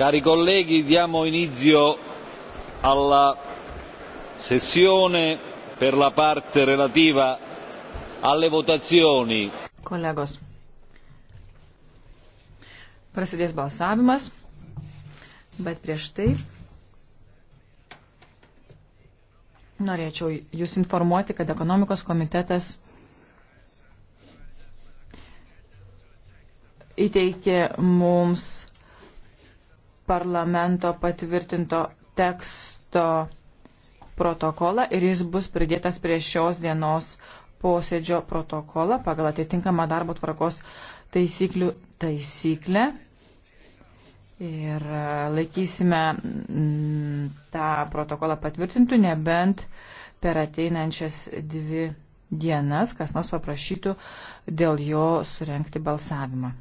Cari colleghi, diamo inizio alla sessione per la parte relativa alle votazioni. Kolegos, prasidės balsavimas, bet prieš tai norėčiau Jūs informuoti, kad ekonomikos komitetas įteikė mums parlamento patvirtinto teksto protokolą ir jis bus pridėtas prie šios dienos posėdžio protokolą pagal atitinkamą darbo tvarkos taisyklių taisyklę. Ir e, laikysime tą protokolą patvirtintų, nebent per ateinančias dvi dienas kas nors paprašytų dėl jo surenkti balsavimą.